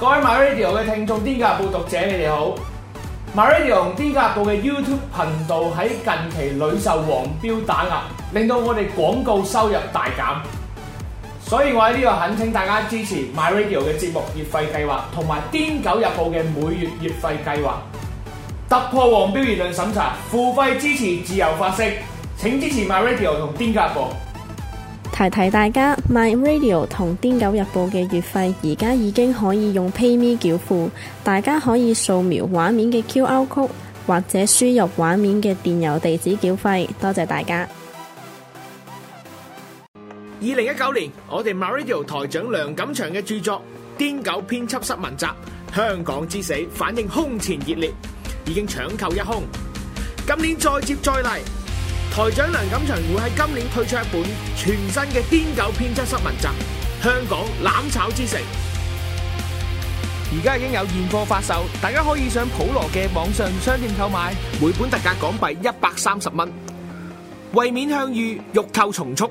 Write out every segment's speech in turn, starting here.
各位 My Radio 嘅聽眾，《癲狗日報》讀者，你哋好！My Radio 同《癲狗日報》嘅 YouTube 頻道喺近期屢受黃標打壓，令到我哋廣告收入大減。所以我喺呢度懇請大家支持 My Radio 嘅節目月費計劃，同埋《癲狗日報》嘅每月月月費計劃，突破黃標言論審查，付費支持自由發聲，請支持 My Radio 同《癲狗日報》。提提大家，My Radio 同《癲狗日報》嘅月費而家已經可以用 PayMe 繳付，大家可以掃描畫面嘅 QR Code，或者輸入畫面嘅電郵地址繳費。多謝大家。二零一九年，我哋 My Radio 台長梁錦祥嘅著作《癲狗編輯室文集》、《香港之死》反應空前熱烈，已經搶購一空。今年再接再厲。台長梁錦祥會喺今年推出一本全新嘅癲狗編輯失文集《香港濫炒之城》，而家已經有現貨發售，大家可以上普羅嘅網上商店購買，每本特價港幣一百三十蚊，為免向遇欲購從速。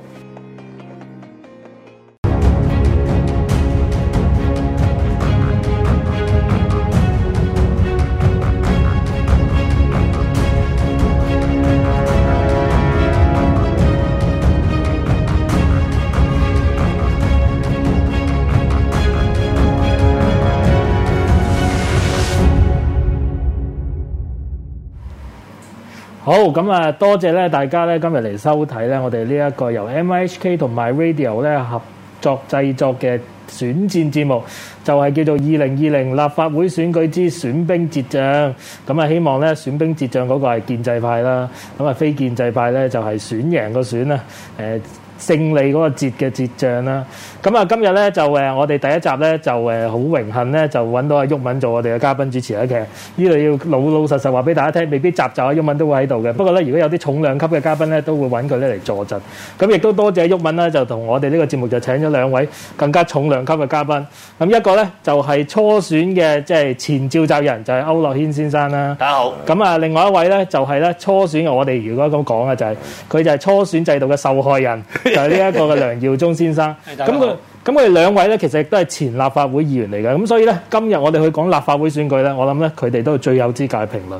好，咁啊，多謝咧，大家咧今日嚟收睇咧，我哋呢一個由 MIHK 同埋 MyRadio 咧合作製作嘅。選戰節目就係叫做二零二零立法會選舉之選兵捷將，咁啊希望咧選兵捷將嗰個係建制派啦，咁啊非建制派咧就係選贏個選啦，誒勝利嗰個捷嘅捷將啦。咁啊今日咧就誒我哋第一集咧就誒好榮幸咧就揾到阿毓民做我哋嘅嘉賓主持啊！其實呢度要老老實實話俾大家聽，未必集集阿毓民都會喺度嘅。不過咧如果有啲重量級嘅嘉賓咧，都會揾佢咧嚟助陣。咁亦都多謝毓民啦，就同我哋呢個節目就請咗兩位更加重量兩級嘅嘉賓，咁一個咧就係初選嘅即係前召集人，就係、是、區諾軒先生啦。大家好。咁啊，另外一位咧就係咧初選，我哋如果咁講嘅，就係佢就係初選制度嘅受害人，就係呢一個嘅梁耀忠先生。咁佢咁佢哋兩位咧，其實亦都係前立法會議員嚟嘅。咁所以咧，今日我哋去講立法會選舉咧，我諗咧佢哋都最有資格評論。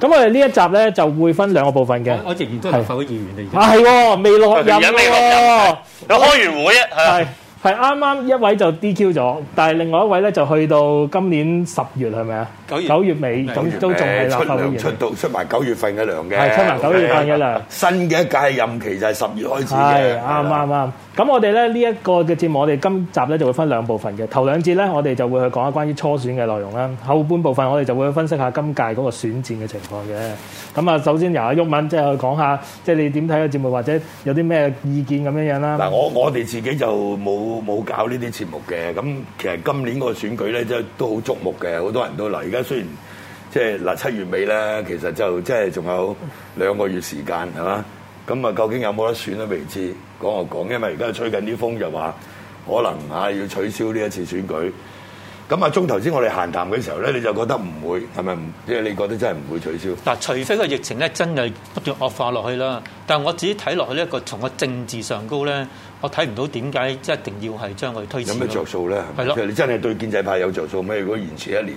咁我哋呢一集咧就會分兩個部分嘅。我仍然都係立法會議員嚟，而家未落任有開完會啊，係我。係啱啱一位就 DQ 咗，但係另外一位呢就去到今年十月係咪？九九月尾，九月出到出埋九月份嘅糧嘅，係出埋九月份嘅糧。新嘅一屆任期就係十月開始嘅，啱啱啱。咁我哋咧呢一個嘅節目，我哋今集咧就會分兩部分嘅。頭兩節咧，我哋就會去講下關於初選嘅內容啦。後半部分我哋就會去分析下今屆嗰個選戰嘅情況嘅。咁啊，首先由阿毓民即係去講下，即係你點睇個節目，或者有啲咩意見咁樣樣啦。嗱，我我哋自己就冇冇搞呢啲節目嘅。咁其實今年個選舉咧，即係都好矚目嘅，好多人都嚟。而家雖然即係嗱七月尾啦，其實就即係仲有兩個月時間係嘛？咁啊究竟有冇得選都未知，講就講，因為而家吹緊啲風，就話可能啊要取消呢一次選舉。咁啊，中頭先我哋閒談嘅時候咧，你就覺得唔會係咪？即係你覺得真係唔會取消？但除非個疫情咧真係不斷惡化落去啦。但係我自己睇落去呢一個從個政治上高咧，我睇唔到點解一定要係將佢推遲。有咩著數咧？係咯，是的 其實你真係對建制派有著數咩？如果延遲一年？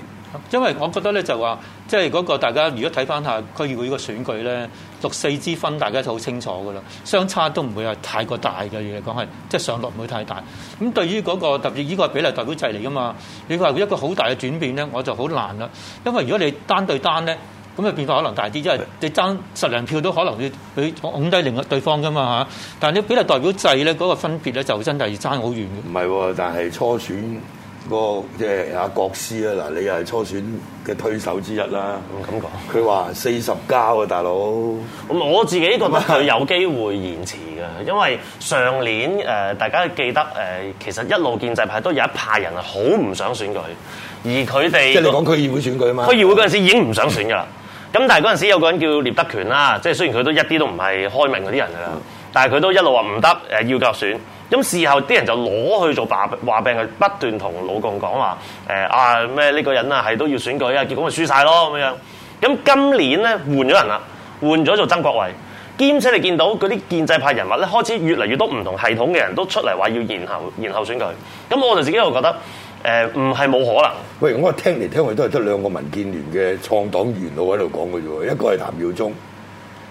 因為我覺得咧就話，即係嗰個大家如果睇翻下區議會呢個選舉咧六四之分，大家就好清楚噶啦，相差都唔會係太過大嘅，而講係即係上落唔會太大。咁對於嗰個特別呢個比例代表制嚟噶嘛，你話一個好大嘅轉變咧，我就好難啦。因為如果你單對單咧，咁啊變化可能大啲，因為你爭十兩票都可能要俾撳低另一對方噶嘛吓，但係你比例代表制咧嗰個分別咧就真係爭好遠。唔係喎，但係初選。那個即係阿國師啊！嗱，你又係初選嘅推手之一啦。咁講，佢話四十加啊，大佬。咁我自己覺得佢有機會延遲嘅，吧因為上年誒、呃、大家記得誒、呃，其實一路建制派都有一派人係好唔想選舉，而佢哋即係你講區議會選舉嘛？區議會嗰陣時已經唔想選噶啦。咁、嗯、但係嗰陣時有個人叫聶德權啦，即係雖然佢都一啲都唔係開明嗰啲人嚟啦，嗯、但係佢都一路話唔得誒要繼續選。咁事後啲人就攞去做話柄，去病不斷同老共講話、哎，啊咩呢個人啊係都要選舉，呀，結果咪輸晒咯咁樣。咁今年咧換咗人啦，換咗做曾國衛，兼且你見到嗰啲建制派人物咧，開始越嚟越多唔同系統嘅人都出嚟話要延後延後選舉，咁我就自己又覺得唔係冇可能。喂，咁我聽嚟聽去都係得兩個民建聯嘅創黨元老喺度講嘅啫喎，一個係譚耀宗。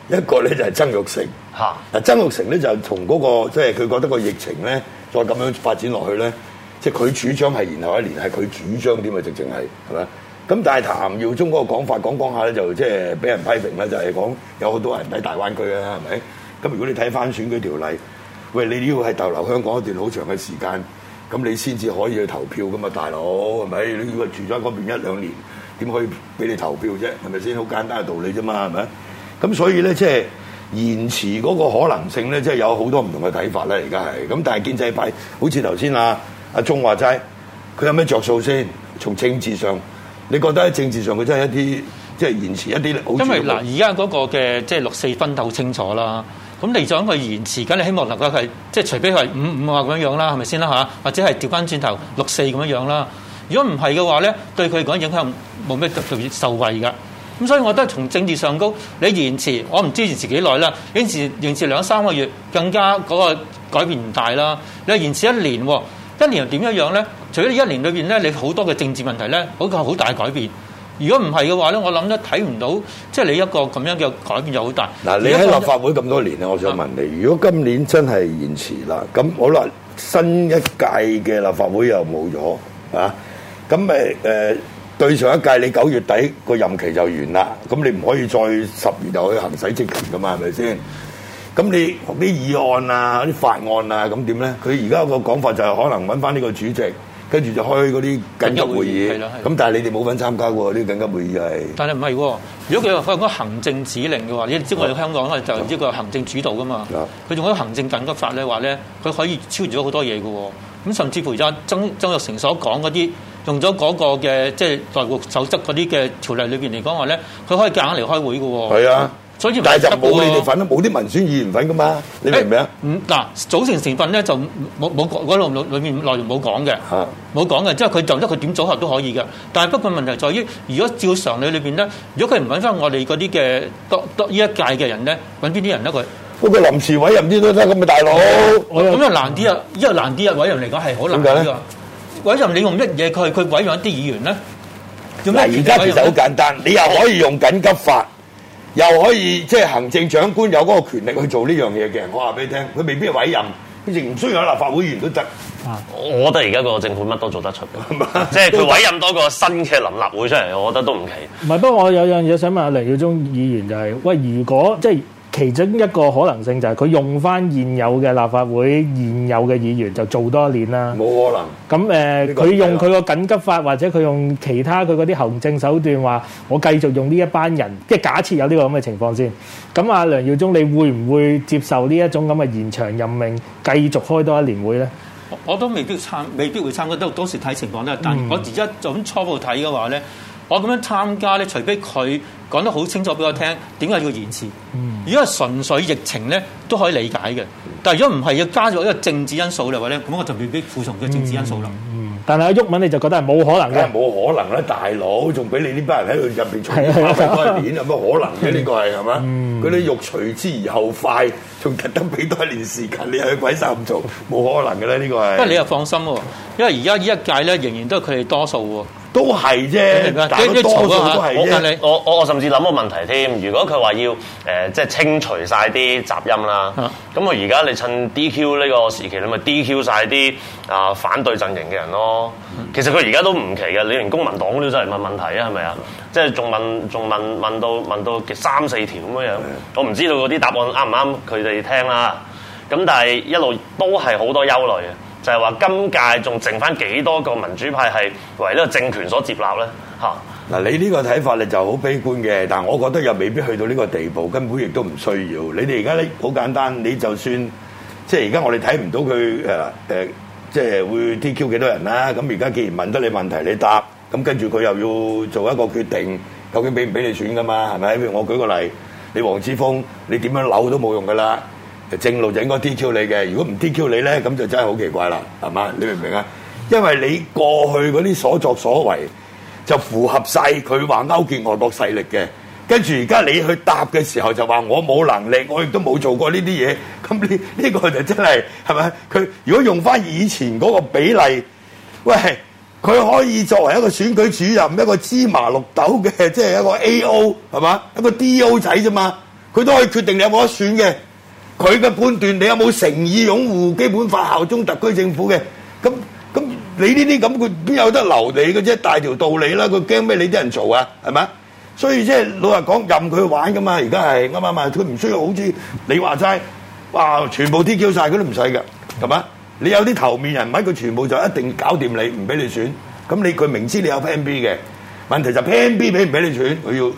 一個咧就係曾玉成，嗱的曾玉成咧就係同嗰個即係佢覺得個疫情咧再咁樣發展落去咧，即係佢主張係延後一年係佢、就是、主張點啊？直情係係咪？咁但係譚耀宗嗰個講法講講下咧，說說說說就即係俾人批評啦，就係、是、講有好多人喺大灣區啊，係咪？咁如果你睇翻選舉條例，喂，你要係逗留香港一段好長嘅時間，咁你先至可以去投票噶嘛，大佬係咪？你要住咗喺嗰邊一兩年，點可以俾你投票啫？係咪先？好簡單嘅道理啫嘛，係咪？咁所以咧，即係延遲嗰個可能性咧，即係有好多唔同嘅睇法咧。而家係咁，但係建制派好似頭先啊阿聰話齋，佢有咩着數先？從政治上，你覺得喺政治上佢真係一啲即係延遲一啲好處？因為嗱，而家嗰個嘅即係六四分得清楚啦。咁嚟再講佢延遲，咁你希望能夠係即係除非佢係五五啊咁樣樣啦，係咪先啦嚇？或者係調翻轉頭六四咁樣樣啦。如果唔係嘅話咧，對佢講影響冇咩特別受惠㗎。咁所以我覺得從政治上高，你延遲，我唔知延遲幾耐啦。延遲延遲兩三個月，更加嗰個改變唔大啦。你延遲一年，一年又點樣樣咧？除咗一年裏邊咧，你好多嘅政治問題咧，嗰個好大改變。如果唔係嘅話咧，我諗都睇唔到，即係你一個咁樣嘅改變就好大。嗱，你喺立法會咁多年咧，我想問你，如果今年真係延遲啦，咁好啦，新一屆嘅立法會又冇咗啊？咁咪誒？呃對上一屆，你九月底個任期就完啦，咁你唔可以再十年就去行使職權噶嘛？係咪先？咁你啲議案啊、啲法案啊，咁點咧？佢而家個講法就係可能搵翻呢個主席，跟住就開嗰啲緊急會議。咁但係你哋冇份參加喎，啲緊急會議係。但係唔係喎？如果佢發行嗰行政指令嘅話，即係即係香港咧就係一個行政主導噶嘛。佢仲可以行政緊急法咧話咧，佢可以超越咗好多嘢㗎喎。咁甚至乎而家曾曾鈺成所講嗰啲。用咗嗰個嘅即係代國守則嗰啲嘅條例裏邊嚟講話咧，佢可以夾硬嚟開會嘅喎。啊，所以，以但係就冇你哋份冇啲民選議員份噶嘛。你明唔明、欸、麼啊？嗯，嗱組成成分咧就冇冇嗰度裏面內容冇講嘅，冇講嘅。即係佢就得佢點組合都可以嘅。但係不過問題在於，如果照常理裏邊咧，如果佢唔揾翻我哋嗰啲嘅多當呢一屆嘅人咧，揾邊啲人咧佢？嗰個臨時委任啲知得咁嘅大佬？咁又難啲啊！因個難啲啊，委任嚟講係可能㗎。委任你用乜嘢佢？佢委任一啲議員咧，做咩？而家其實好簡單，你又可以用緊急法，又可以即係、就是、行政長官有嗰個權力去做呢樣嘢嘅。我話俾你聽，佢未必委任，佢亦唔需要有立法會議員都得。啊，我覺得而家個政府乜都做得出嘅，即係佢委任多個新嘅臨立會出嚟，我覺得都唔奇。唔係，不過我有樣嘢想問下梁耀忠議員、就是，就係喂，如果即係。其中一個可能性就係佢用翻現有嘅立法會現有嘅議員就做多一年啦。冇可能。咁誒、嗯，佢、呃、說用佢個緊急法，或者佢用其他佢嗰啲行政手段，話我繼續用呢一班人，即係假設有呢個咁嘅情況先。咁、嗯、阿梁耀忠，你會唔會接受呢一種咁嘅延長任命，繼續開多一年會咧？我都未必參，未必會參加。都當時睇情況啦。但我而家就咁初步睇嘅話咧。嗯我咁樣參加咧，除非佢講得好清楚俾我聽，點解要延遲？如果係純粹疫情咧，都可以理解嘅。但如果唔係，要加入一個政治因素咧，或者咁，我就未必服從嘅政治因素啦、嗯嗯。但係喺毓民你就覺得係冇可能嘅。冇可能啦，大佬，仲俾你呢班人喺度入面再花費有乜可能嘅？呢個係係嘛？嗰啲、嗯、肉隨之而後快，仲特登俾多一年時間你去鬼殺唔做，冇 可能嘅咧。呢個係。不過你又放心喎，因為而家呢一屆咧，仍然都係佢哋多數喎。都係啫，咁嘅多數都係啫。我我我甚至諗個問題添，如果佢話要誒即係清除晒啲雜音啦，咁我而家你趁 DQ 呢個時期，你咪 DQ 晒啲啊反對陣營嘅人咯。嗯、其實佢而家都唔奇嘅，你連公民黨都真係問問題啊，係咪啊？即係仲問仲問問到問到三四條咁樣，我唔知道嗰啲答案啱唔啱佢哋聽啦。咁但係一路都係好多憂慮嘅。就係話今屆仲剩翻幾多個民主派係為呢個政權所接納咧？嚇！嗱，你呢個睇法你就好悲觀嘅，但我覺得又未必去到呢個地步，根本亦都唔需要。你哋而家咧好簡單，你就算即係而家我哋睇唔到佢、呃、即係會 DQ 幾多人啦。咁而家既然問得你問題，你答，咁跟住佢又要做一個決定，究竟俾唔俾你選㗎嘛？係咪？譬如我舉個例，你黃之鋒，你點樣扭都冇用㗎喇。正路就應該 DQ 你嘅，如果唔 DQ 你咧，咁就真係好奇怪啦，係嘛？你明唔明啊？因為你過去嗰啲所作所為就符合晒佢話勾結外國勢力嘅，跟住而家你去答嘅時候就話我冇能力，我亦都冇做過呢啲嘢，咁呢呢個就真係係咪？佢如果用翻以前嗰個比例，喂，佢可以作為一個選舉主任，一個芝麻綠豆嘅，即係一個 AO 係嘛，一個 DO 仔啫嘛，佢都可以決定你有冇得選嘅。佢嘅判斷，你有冇誠意擁護基本法效忠特區政府嘅？咁咁你呢啲咁，佢邊有得留你嘅啫？大條道理啦，佢驚咩？你啲人做啊，係咪？所以即係老實講，任佢玩噶嘛，而家係啱唔啱啊？佢唔需要好似你話齋，哇！全部 DQ 曬，佢都唔使㗎，係嘛？你有啲頭面人物，佢全部就一定搞掂你，唔俾你選。咁你佢明知你有 PMB 嘅問題，就 PMB 俾唔俾你選，佢要。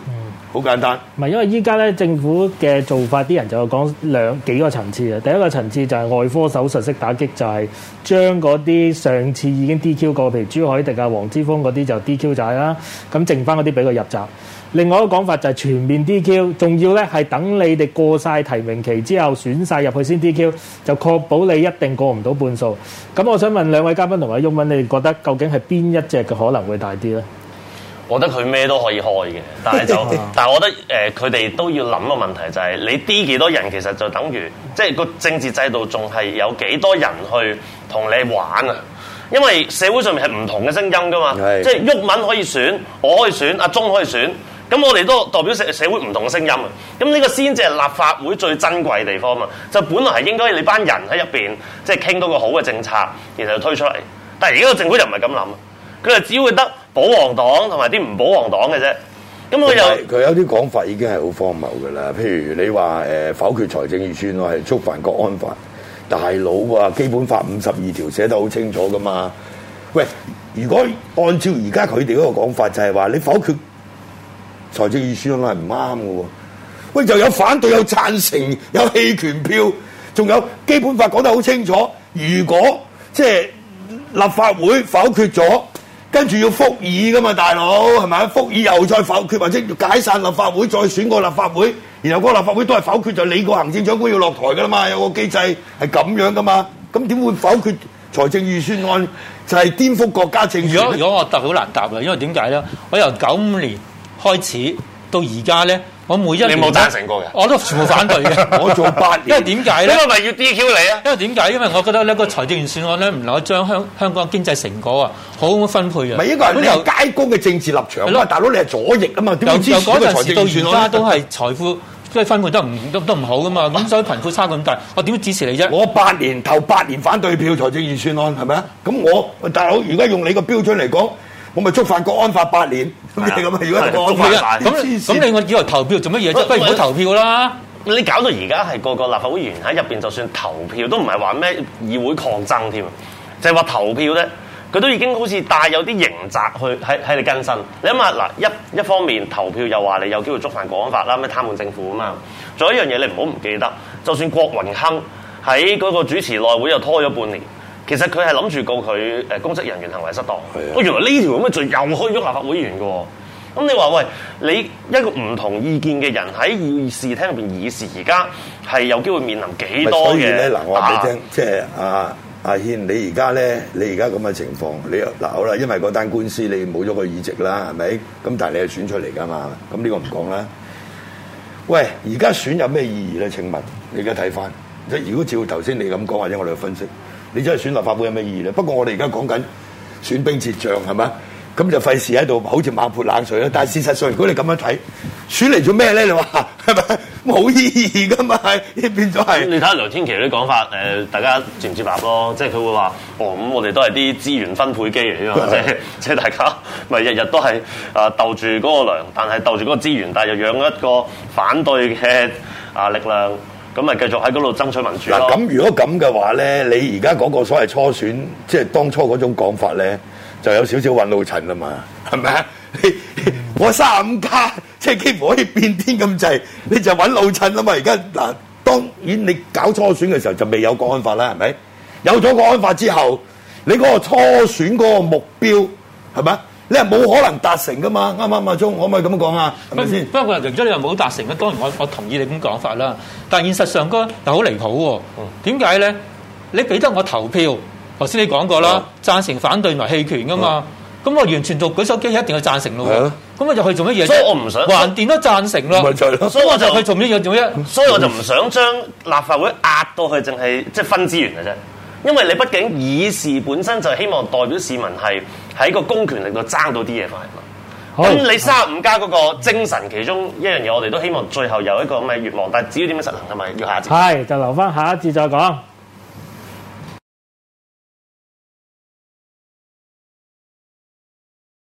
好簡單，唔係因為依家咧政府嘅做法，啲人就講兩幾個層次啊。第一個層次就係外科手術式打擊，就係、是、將嗰啲上次已經 DQ 過，譬如朱凱廸啊、黃之鋒嗰啲就 DQ 曬啦。咁剩翻嗰啲俾佢入閘。另外一個講法就係全面 DQ，仲要咧係等你哋過晒提名期之後選晒入去先 DQ，就確保你一定過唔到半數。咁我想問兩位嘉賓同埋毓民，你哋覺得究竟係邊一隻嘅可能會大啲咧？我覺得佢咩都可以開嘅，但係就， 但係我覺得佢哋、呃、都要諗個問題就係、是，你啲幾多人其實就等於，即、就、係、是、個政治制度仲係有幾多人去同你玩啊？因為社會上面係唔同嘅聲音噶嘛，即係毓民可以選，我可以選，阿忠可以選，咁我哋都代表社社會唔同嘅聲音啊。咁呢個先至係立法會最珍貴嘅地方啊嘛，就本來係應該你班人喺入邊，即係傾到個好嘅政策，然後推出嚟。但係而家個政府就唔係咁諗，佢就只會得。保皇黨同埋啲唔保皇黨嘅啫，咁佢又佢有啲講法已經係好荒謬嘅啦。譬如你話誒、呃、否決財政預算案係觸犯國安法，大佬啊，基本法五十二條寫得好清楚噶嘛。喂，如果按照而家佢哋嗰個講法就係，就係話你否決財政預算案係唔啱嘅喎。喂，就有反對，有贊成，有棄權票，仲有基本法講得好清楚，如果即係立法會否決咗。跟住要復議噶嘛，大佬係咪？復議又再否決，或者解散立法會，再選過立法會，然後嗰立法會都係否決，就你個行政長官要落台噶啦嘛？有個機制係咁樣噶嘛？咁點會否決財政預算案？就係顛覆國家政權。如果如果我答好難答啦，因為點解咧？我由九五年開始到而家咧。我每一年冇贊成過嘅，我都全部反對嘅。 我做八年，因為點解咧？呢個咪要 DQ 你啊？因為點解？因為我覺得呢個財政預算案咧唔能夠將香香港經濟成果啊好咁分配啊。唔係，依個係街工嘅政治立場。咯後，大佬了你係左翼啊嘛？點會就支持個財政預算案？嗰陣時到而家都係財富即係分配得唔都都唔好噶嘛。咁所以貧富差咁大，我點支持你啫？我八年投，八年反對票財政預算案係咪啊？咁我大佬如果用你個標準嚟講？我咪觸犯《國安法》八年，咁你咁啊？如果觸咁咁，啊、犯犯你我以為投票做乜嘢啫？喂不如唔好投票啦！你搞到而家係個個立法會議員喺入邊，就算投票都唔係話咩議會抗爭添，就係、是、話投票咧，佢都已經好似帶有啲刑責去喺喺你更新。你諗下嗱，一一方面投票又話你有機會觸犯《國安法》啦，咩樣貪污政府啊嘛。仲有一樣嘢你唔好唔記得，就算郭榮鏗喺嗰個主持內會又拖咗半年。其實佢係諗住告佢誒公職人員行為失當。是的 原來呢條咁嘅罪又去咗立法會議員嘅。咁你話喂，你一個唔同意見嘅人喺議事廳入邊議事，而家係有機會面臨幾多嘅？所以咧嗱，我話畀你聽，打 即係阿阿軒，你而家咧，你而家咁嘅情況，你嗱好啦，因為嗰單官司你冇咗個議席啦，係咪？咁但係你係選出嚟㗎嘛？咁呢個唔講啦。喂，而家選有咩意義咧？請問你而家睇翻，即如果照頭先你咁講或者我哋去分析。你真係選立法會有咩意義咧？不過我哋而家講緊選兵捷將係咪？咁就費事喺度好似猛潑冷水啦。但係事實上，如果你咁樣睇選嚟做咩咧？你話係咪冇意義㗎嘛？係變咗係。你睇下梁天琪啲講法，誒大家接唔接納咯？即係佢會話，哦咁，我哋都係啲資源分配機嚟㗎嘛，是的即係即係大家咪日日都係啊鬥住嗰個糧，但係鬥住嗰個資源，但係又養一個反對嘅啊力量，咁咪繼續喺嗰度爭取民主咯。嗱，咁如果咁嘅話咧，你而家嗰個所謂初選，即係當初嗰種講法咧，就有少少搵老襯啊嘛，係咪啊？我三五加，即係幾乎可以變天咁滯，你就搵老襯啊嘛。而家嗱，當然你搞初選嘅時候就未有國安法啦，係咪？有咗國安法之後，你嗰個初選嗰個目標係咪啊？你係冇可能達成噶嘛？啱唔啱阿鐘，可唔可以咁講啊？係咪先？不過人哋咗你話冇達成嘅，當然我我同意你咁講法啦。但現實上嗰又好離譜喎。點解咧？你俾得我投票，頭先你講過啦，的贊成、反對埋棄權噶嘛？咁的我完全做舉手機，一定要贊成咯。咁我就去做乜嘢？所以我唔想橫掂都贊成咯。所以我就去做乜嘢？做咩？所以我就唔想將立法會壓到去，淨係即係分資源嘅啫。因為你畢竟議事本身就希望代表市民係喺個公權力度爭到啲嘢翻，咁你三五加嗰個精神，其中一樣嘢我哋都希望最後有一個咁嘅願望，但係至於點樣實行係咪要下一節，係就留翻下，下一節再講。